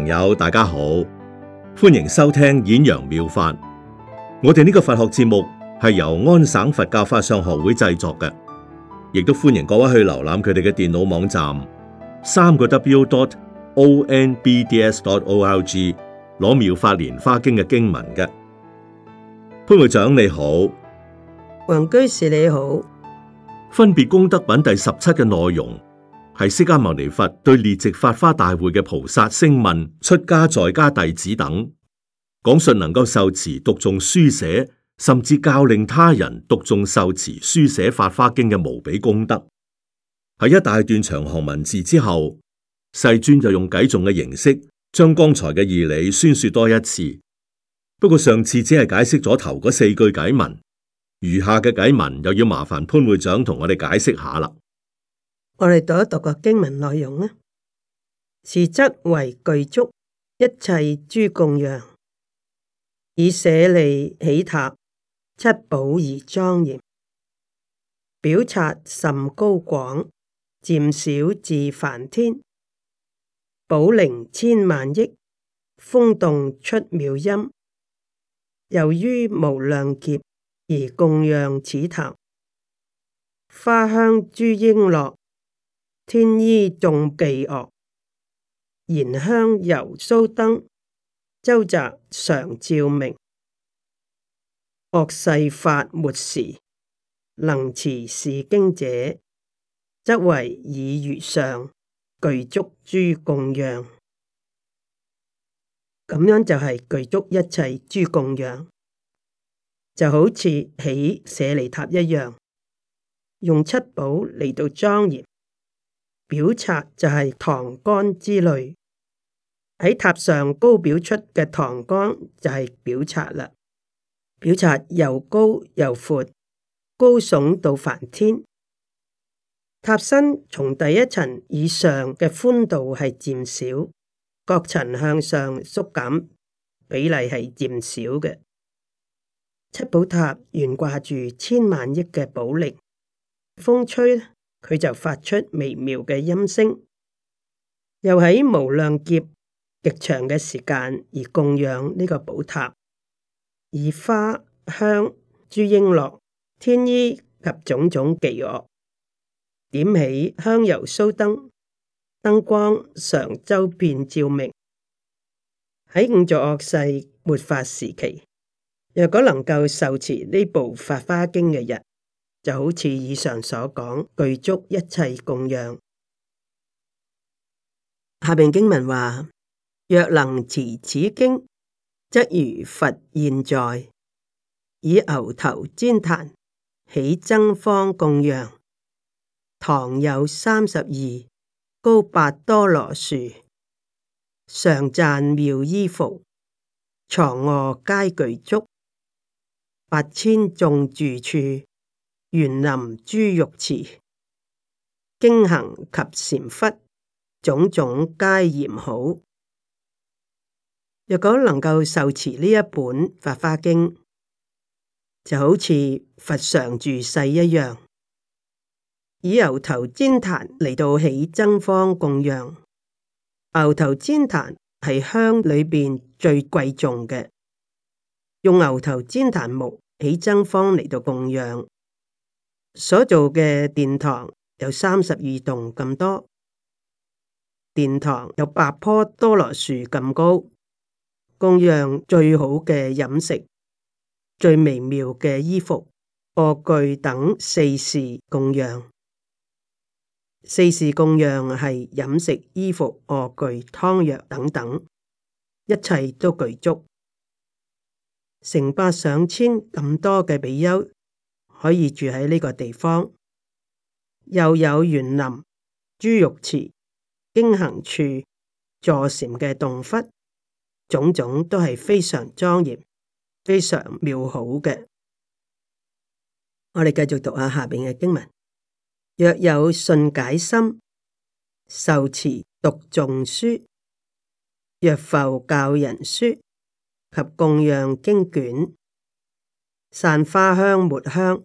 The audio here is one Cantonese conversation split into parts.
朋友，大家好，歡迎收聽演揚妙，妙法。我哋呢個佛學節目係由安省佛教法相學會製作嘅，亦都歡迎各位去瀏覽佢哋嘅電腦網站，三個 W dot O N B D S dot O R G 攞妙法蓮華經嘅經文嘅。潘會長你好，黃居士你好，分別功德品第十七嘅內容。係釋迦牟尼佛對列席法花大會嘅菩薩、聲聞、出家、在家弟子等，講述能夠受持讀誦書寫，甚至教令他人讀誦受持書寫法花經嘅無比功德。喺一大段長行文字之後，世尊就用偈頌嘅形式，將剛才嘅義理宣說多一次。不過上次只係解釋咗頭嗰四句偈文，餘下嘅偈文又要麻煩潘會長同我哋解釋下啦。我哋讀一讀個經文內容啊！是則為具足一切諸供養，以舍利起塔，七寶而莊嚴，表刹甚高廣，漸小至梵天，寶鈴千萬億，風動出妙音。由於無量劫而供養此塔，花香諸瓔珞。天衣眾伎樂，燃香油酥燈，周匝常照明。惡世法末時，能持是經者，則為以如上，具足諸供養。咁樣就係具足一切諸供養，就好似起舍利塔一樣，用七寶嚟到莊嚴。表剎就係唐干之類，喺塔上高表出嘅唐干就係表剎啦。表剎又高又闊，高聳到梵天。塔身從第一層以上嘅寬度係漸少，各層向上縮減比例係漸少嘅。七寶塔懸掛住千萬億嘅寶力，風吹，佢就發出微妙嘅音聲，又喺無量劫極長嘅時間而供養呢個寶塔，以花香、朱瓔珞、天衣及種種伎樂，點起香油酥燈，燈光常周遍照明。喺五濁惡世末法時期，若果能夠受持呢部《法華經》嘅人。就好似以上所講，具足一切供養。下邊經文話：若能持此經，則如佛現在，以牛頭栴檀起僧坊供養。堂有三十二高八多羅樹，上饌妙衣服，床臥皆具足，八千眾住處。園林諸浴池，經行及禪窟，種種皆嚴好。若果能夠受持呢一本《法花經》，就好似佛常住世一樣，以牛頭旃檀嚟到起僧坊供養。牛頭旃檀係香裏邊最貴重嘅，用牛頭旃檀木起僧坊嚟到供養。所做嘅殿堂有三十二棟咁多，殿堂有八棵多羅樹咁高，供養最好嘅飲食、最微妙嘅衣服、臥具等四時供養。四時供養係飲食、衣服、臥具、湯藥等等，一切都具足，成百上千咁多嘅比丘。可以住喺呢個地方，又有園林、豬肉池、經行處、坐禪嘅洞窟，種種都係非常莊嚴、非常妙好嘅。我哋繼續讀下下面嘅經文：若有信解心，受持讀誦書，若復教人書，及供養經卷，散花香末香。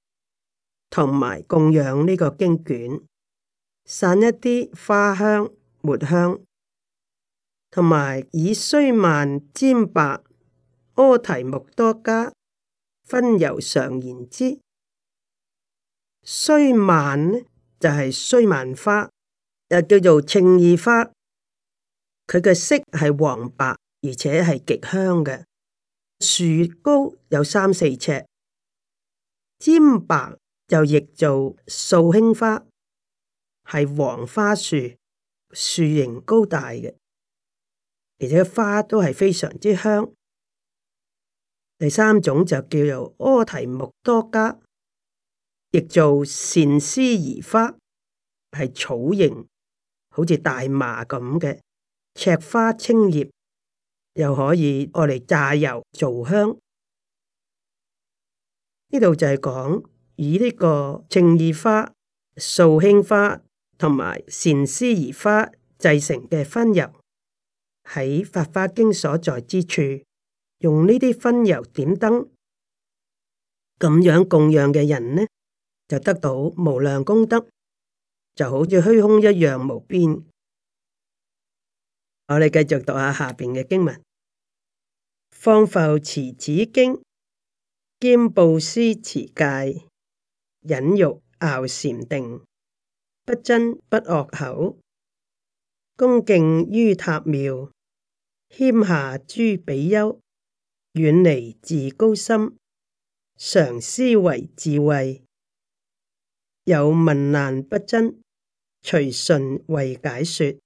同埋供養呢個經卷，散一啲花香、末香，同埋以須曼、瞻蔔、阿提目多伽薰油常燃之，須曼呢就係須曼花，又叫做稱意花，佢嘅色係黃白，而且係極香嘅，樹高有三四尺，瞻蔔。就譯做素馨花，係黃花樹，樹型高大嘅，而且花都係非常之香。第三種就叫做柯提木多加，譯做善思夷花，係草型，好似大麻咁嘅，赤花青葉，又可以愛嚟榨油做香。呢度就係講。以呢個清義花、素馨花同埋善思葉花製成嘅薰油，喺法華經所在之處，用呢啲薰油點燈，咁樣供養嘅人呢，就得到無量功德，就好似虛空一樣無邊。我哋繼續讀下下邊嘅經文：《況復持此經》兼，兼布施持戒。忍辱熬禪定，不爭不惡口，恭敬於塔廟，謙下諸比丘，遠離自高心，常思惟智慧，有問難不爭，隨順為解說，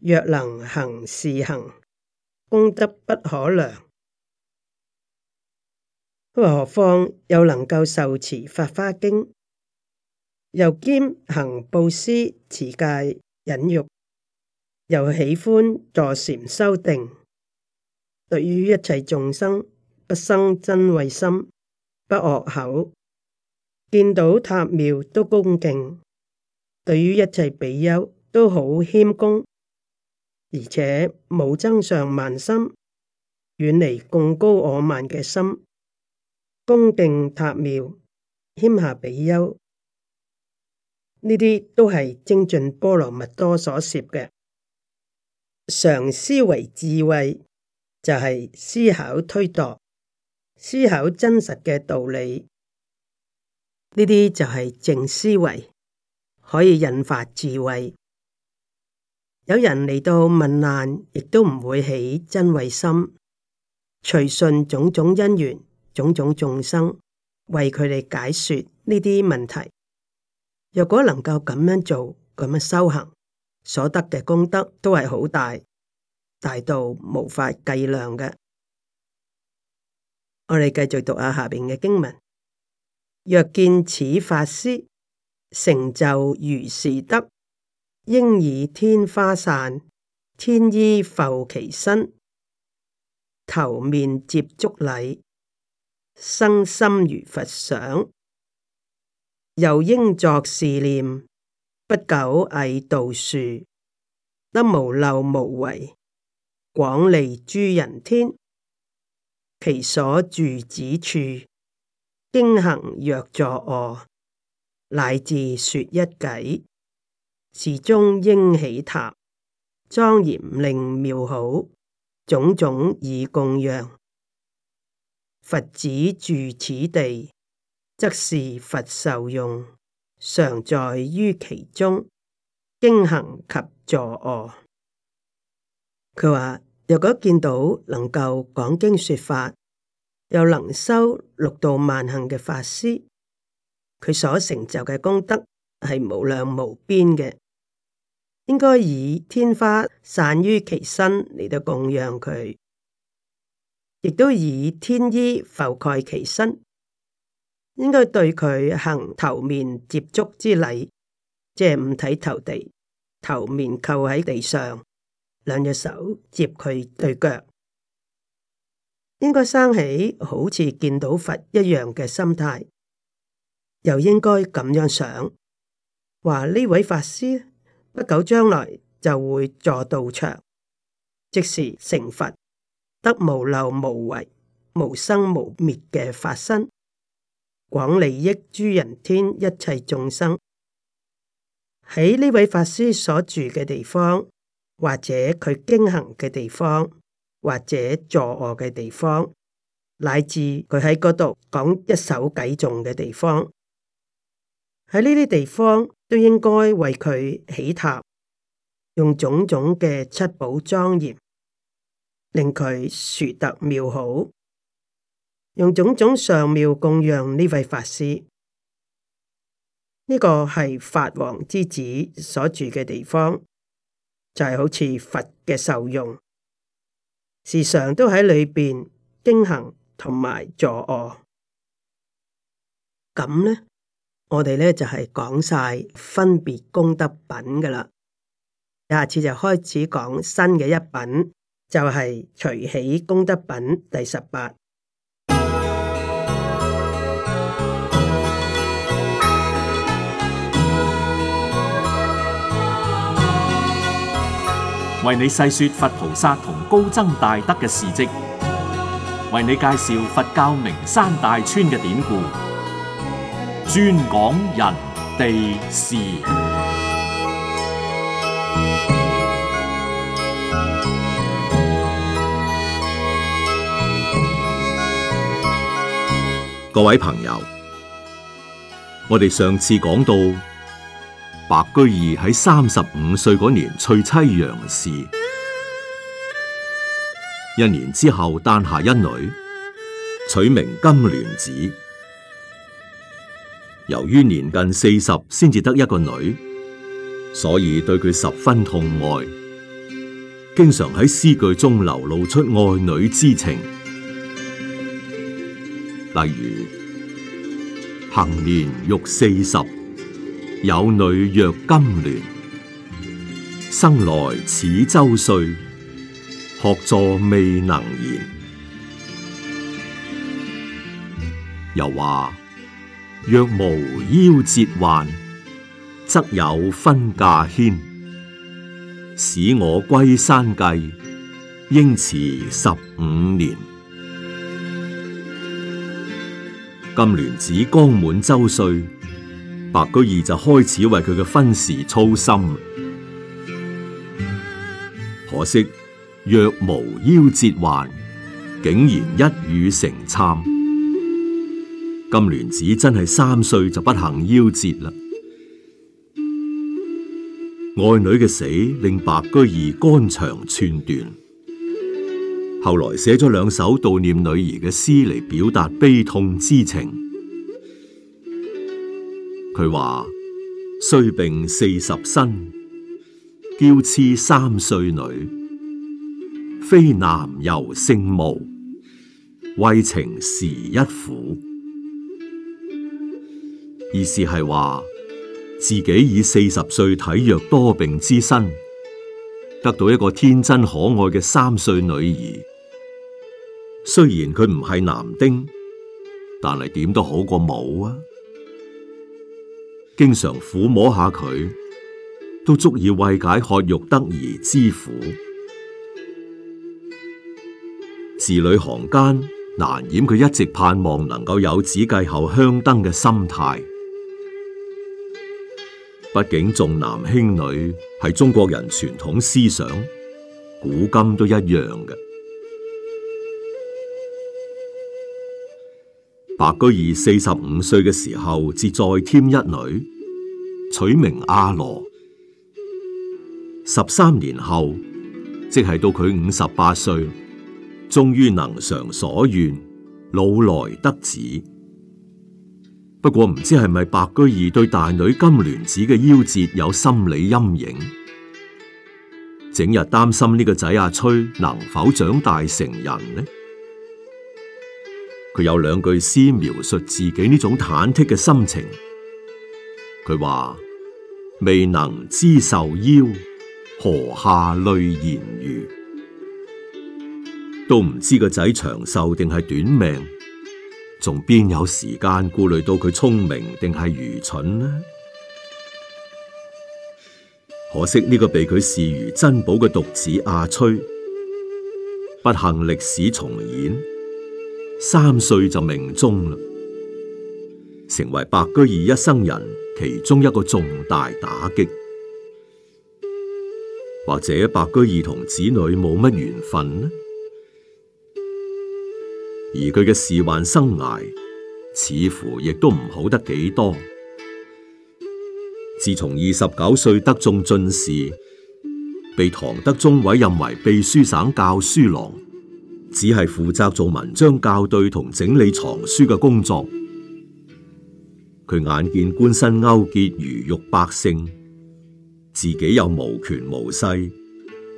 若能行是行，功德不可量。何況又能夠受持法花經，又兼行布施、持戒、忍辱，又喜歡坐禪修定。對於一切眾生，不生瞋恚心，不惡口，見到塔廟都恭敬。對於一切比丘，都好謙恭，而且冇增上慢心，遠離貢高我慢嘅心。恭敬塔廟，謙下比丘，呢啲都係精進波羅蜜多所攝嘅常思維智慧，就係、是、思考推度，思考真實嘅道理。呢啲就係正思維，可以引發智慧。有人嚟到問難，亦都唔會起瞋恚心，隨順種種因緣。種種眾生為佢哋解說呢啲問題，若果能夠咁樣做，咁樣修行，所得嘅功德都係好大，大到無法計量嘅。我哋繼續讀下下邊嘅經文：若見此法師成就如是德，應以天花散、天衣覆其身，頭面接足禮，生心如佛想，又應作是念：不久詣道樹，得無漏無為，廣利諸人天。其所住之處，經行若坐臥，乃至說一偈，是中應起塔，莊嚴令妙好，種種以供養。佛子住此地，則是佛受用，常在於其中，經行及坐臥。佢話：若果見到能夠講經說法，又能修六度萬行嘅法師，佢所成就嘅功德係無量無邊嘅，應該以天花散於其身嚟到供養佢。亦都以天衣覆蓋其身，應該對佢行頭面接足之禮，即係五體投地，頭面扣喺地上，兩隻手接佢對腳，應該生起好似見到佛一樣嘅心態，又應該咁樣想，話呢位法師不久將來就會坐道場，即是成佛。得無漏無為無生無滅嘅法身，廣利益諸人天一切眾生。喺呢位法師所住嘅地方，或者佢經行嘅地方，或者坐臥嘅地方，乃至佢喺嗰度講一首偈頌嘅地方，喺呢啲地方都應該為佢起塔，用種種嘅七寶莊嚴。令佢殊特妙好，用種種上妙供養呢位法師。呢、這個係法王之子所住嘅地方，就係、是、好似佛嘅受用，時常都喺裏邊經行同埋助惡。咁呢，我哋呢就係、是、講晒分別功德品噶啦，下次就開始講新嘅一品。就係隨喜功德品第十八，為你細說佛菩薩同高僧大德嘅事跡，為你介紹佛教名山大川嘅典故，專講人地事。各位朋友，我哋上次講到白居易喺三十五歲嗰年娶妻楊氏，一年之後誕下一女，取名金蓮子。由於年近四十先至得一個女，所以對佢十分痛愛，經常喺詩句中流露出愛女之情，例如。行年欲四十，有女若金鑾。生來始周歲，學坐未能言。又話：若無夭折患，則有婚嫁牽。使我歸山計，應遲十五年。金鑾子剛滿周歲，白居易就開始為佢嘅婚事操心。可惜「若無夭折患」，竟然一語成讖。金鑾子真係三歲就不幸夭折啦！愛女嘅死令白居易肝腸寸斷。後來寫咗兩首悼念女兒嘅詩嚟表達悲痛之情。佢話：衰病四十身，嬌痴三歲女，非男猶勝無，慰情時一苦。意思係話自己以四十歲體弱多病之身，得到一個天真可愛嘅三歲女兒。雖然佢唔係男丁，但係點都好過冇啊！經常撫摸下佢，都足以慰解渴欲得兒之苦。字裏行間難掩佢一直盼望能夠有子繼後香燈嘅心態。畢竟重男輕女係中國人傳統思想，古今都一樣嘅。白居易四十五歲嘅時候，至再添一女，取名阿羅。十三年後，即係到佢五十八歲，終於能償所願，老來得子。不過唔知係咪白居易對大女金鑾子嘅夭折有心理陰影，整日擔心呢個仔阿崔能否長大成人呢？佢有兩句詩描述自己呢種忐忑嘅心情。佢話未能知壽夭，何暇慮賢愚？都唔知個仔長壽定係短命，仲邊有時間顧慮到佢聰明定係愚蠢呢？可惜呢個被佢視如珍寶嘅獨子阿崔，不幸歷史重演。三歲就命終啦，成為白居易一生人其中一個重大打擊，或者白居易同子女冇乜緣分呢？而佢嘅仕宦生涯似乎亦都唔好得幾多。自從二十九歲得中進士，被唐德宗委任為秘書省教書郎。只係負責做文章校對同整理藏書嘅工作，佢眼見官紳勾結魚肉百姓，自己又無權無勢，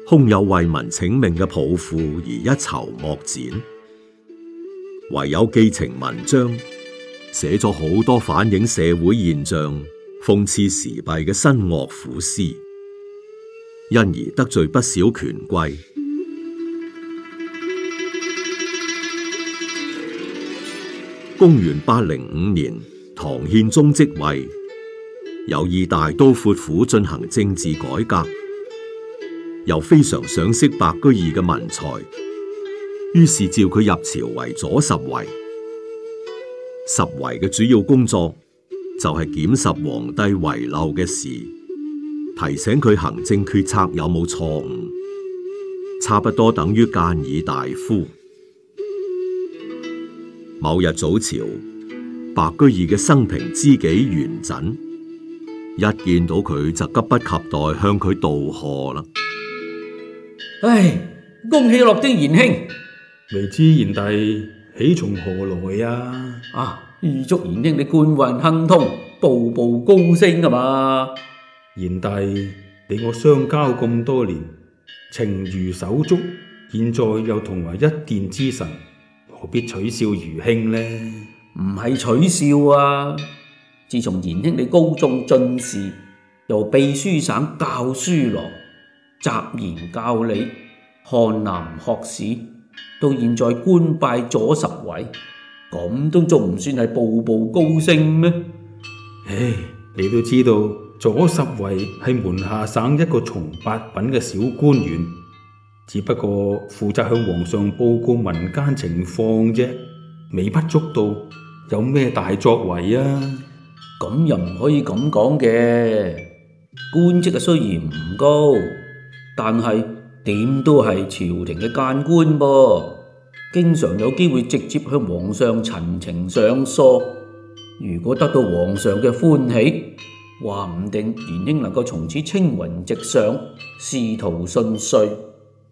空有為民請命嘅抱負而一籌莫展，唯有寄情文章，寫咗好多反映社會現象、諷刺時弊嘅新樂府詩，因而得罪不少權貴。公元八零五年，唐憲宗即位，有意大刀闊斧進行政治改革，又非常賞識白居易嘅文才，於是召佢入朝為左拾遺。拾遺嘅主要工作就係、是、檢拾皇帝遺漏嘅事，提醒佢行政決策有冇錯誤，差不多等於諫議大夫。某日早朝，白居易嘅生平知己元稹，一見到佢就急不及待向佢道賀啦。唉，恭喜樂天賢兄！未知賢弟喜從何來啊？啊，預祝賢兄你官運亨通，步步高升啊嘛！賢弟，你我相交咁多年，情如手足，現在又同為一殿之臣。何必取笑愚兄呢？唔係取笑啊！自從賢兄你高中進士，由秘書省校書郎、集賢校理、翰林學士，到現在官拜左拾遺，咁都仲唔算係步步高升咩？唉，你都知道左拾遺係門下省一個從八品嘅小官員。只不過負責向皇上報告民間情況啫，微不足道，有咩大作為啊？咁又唔可以咁講嘅。官職啊雖然唔高，但係點都係朝廷嘅諫官噃，啊，經常有機會直接向皇上陳情上疏。如果得到皇上嘅歡喜，話唔定元英能夠從此青雲直上，仕途順遂。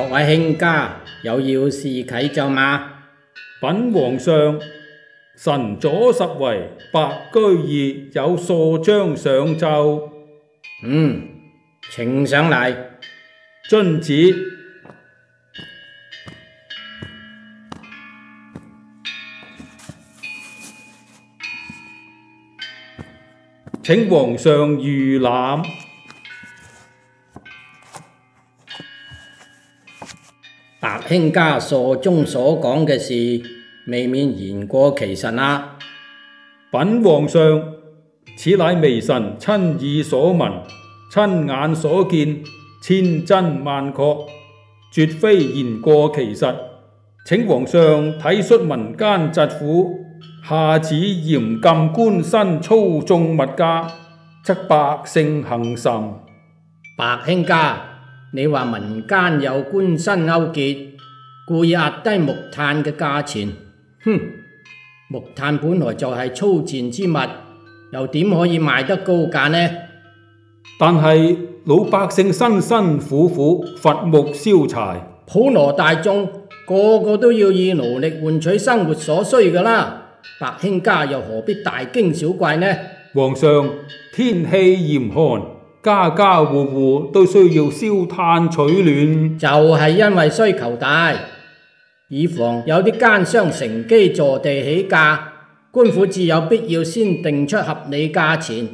各位卿家，有要事啟奏嗎？稟皇上，臣左拾遺白居易有數張上奏，嗯，呈上嚟。遵旨，請皇上御覽。白卿家所中所講嘅事，未免言過其實啊！稟皇上，此乃微臣親耳所聞、親眼所見，千真萬確，絕非言過其實。請皇上體恤民間疾苦，下旨嚴禁官紳操縱物價，則百姓幸甚。白卿家。你話民間有官紳勾結，故意壓低木炭嘅價錢？哼、嗯，木炭本來就係粗賤之物，又點可以賣得高價呢？但係老百姓辛辛苦苦伐木燒柴，普羅大眾個個都要以勞力換取生活所需㗎啦，白卿家又何必大驚小怪呢？皇上，天氣嚴寒，家家戶戶都需要燒炭取暖，就係因為需求大，以防有啲奸商乘機坐地起價，官府自有必要先定出合理價錢。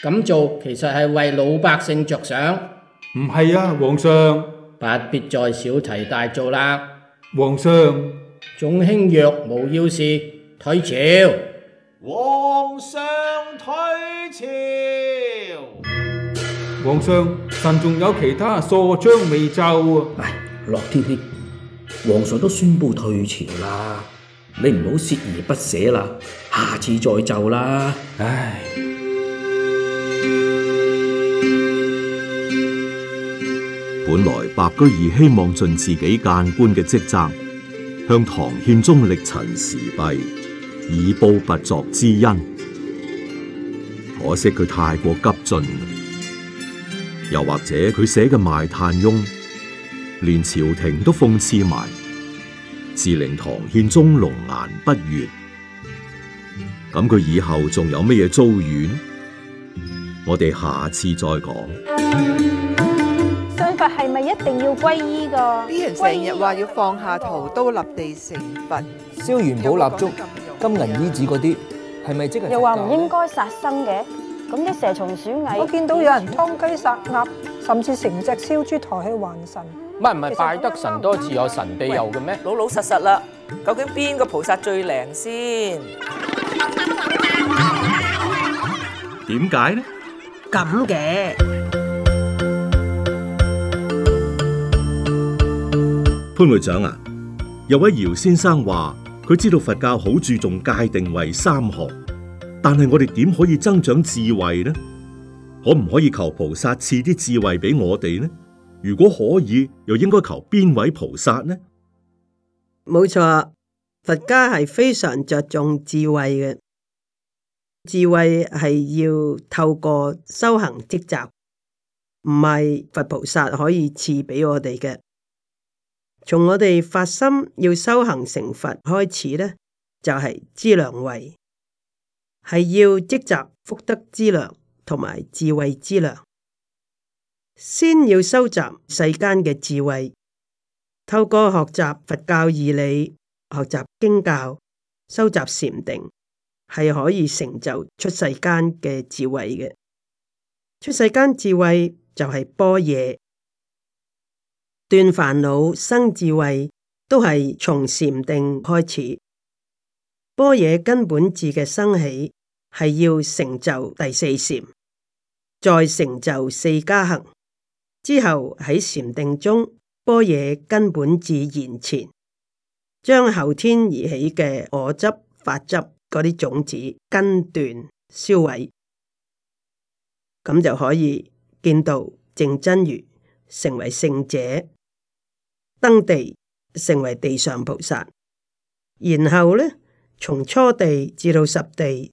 咁做其實係為老百姓着想，唔係啊，皇上，不必再小題大做啦。皇上，眾卿若無要事，退朝。皇上退朝。皇上，臣仲有其他疏章未奏啊！唉、哎，樂天天，皇上都宣布退朝啦，你唔好鍥而不捨啦，下次再奏啦！唉、哎，本來白居易希望盡自己諫官嘅職責，向唐憲宗力陳時弊，以報不作之恩。可惜佢太過急進。又或者佢寫嘅《賣炭翁》，連朝廷都諷刺埋，致令唐憲宗龍顏不悦。咁佢以後仲有咩嘢遭遇？我哋下次再講。信佛係咪一定要皈依㗎？啲人成日話要放下屠刀立地成佛，燒元寶蠟燭、有有金銀衣紙嗰啲，係咪即係？又話唔應該殺生嘅？咁啲蛇蟲鼠蟻，我見到有人劏雞殺鴨，雞甚至成隻燒豬抬起還神。唔係唔係，拜得神多自有神庇佑嘅咩？老老實實啦，究竟邊個菩薩最靈先？點解呢？咁嘅潘會長啊，有位姚先生話佢知道佛教好注重戒定慧三學。但係我哋點可以增長智慧呢？可唔可以求菩薩賜啲智慧俾我哋呢？如果可以，又應該求邊位菩薩呢？冇錯，佛家係非常着重智慧嘅，智慧係要透過修行積集，唔係佛菩薩可以賜俾我哋嘅。從我哋發心要修行成佛開始呢，就係、是、知良慧。係要積集福德之糧同埋智慧之糧，先要收集世間嘅智慧，透過學習佛教義理、學習經教、收集禪定，係可以成就出世間嘅智慧嘅。出世間智慧就係般若斷煩惱生智慧，都係從禪定開始。般若根本智嘅生起。係要成就第四禪，再成就四加行之後，喺禪定中般若根本自然現前，將後天而起嘅我執、法執嗰啲種子根斷銷毀，咁就可以見到正真如，成為聖者，登地成為地上菩薩，然後呢，從初地至到十地。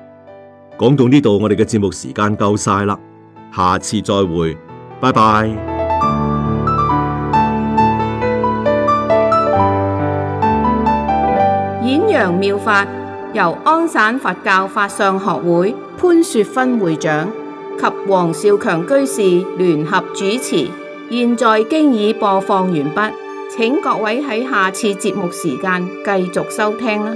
講到呢度，我哋嘅節目時間夠晒啦，下次再會，拜拜。演揚妙法由安省佛教法相學會潘雪芬會長及黃少強居士聯合主持，現在經已播放完畢，請各位喺下次節目時間繼續收聽啦。